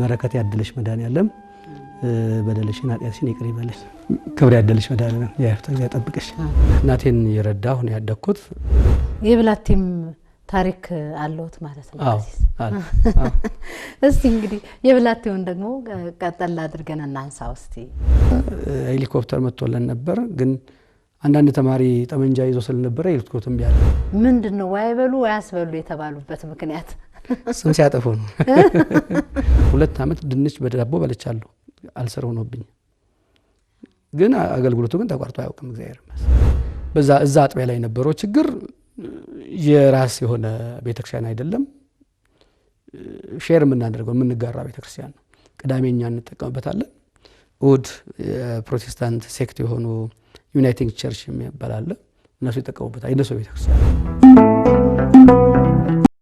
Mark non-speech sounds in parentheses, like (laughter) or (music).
በረከት ያድልሽ መድኃኔዓለም በደልሽን ኃጢአትሽን ይቅር ይበልሽ። ክብር ያደልሽ መድኃኔዓለም የአፍታ ጊዜ ያጠብቅሽ። እናቴን የረዳሁ ነው ያደግኩት። የብላቴም ታሪክ አለሁት ማለት ነው። (laughs) እስቲ እንግዲህ የብላቴውን ደግሞ ቀጠል አድርገን እናንሳ። ውስቲ ሄሊኮፕተር መጥቶለን ነበር ግን አንዳንድ ተማሪ ጠመንጃ ይዞ ስለነበረ ሄሊኮፕተር ቢያለ ምንድን ነው ዋይበሉ ወያስበሉ የተባሉበት ምክንያት እሱም ሲያጠፉ ነው። (laughs) ሁለት ዓመት ድንች በዳቦ በልቻለሁ። አልሰር ሆኖብኝ ግን አገልግሎቱ ግን ተቋርጦ አያውቅም። እግዚአብሔር በዛ እዛ አጥቢያ ላይ የነበረው ችግር የራስ የሆነ ቤተክርስቲያን አይደለም። ሼር የምናደርገው የምንጋራ ቤተክርስቲያን ነው። ቅዳሜኛ እንጠቀምበታለን። እሁድ የፕሮቴስታንት ሴክት የሆኑ ዩናይቲንግ ቸርች የሚባል አለ። እነሱ ይጠቀሙበታል። የነሱ ቤተክርስቲያን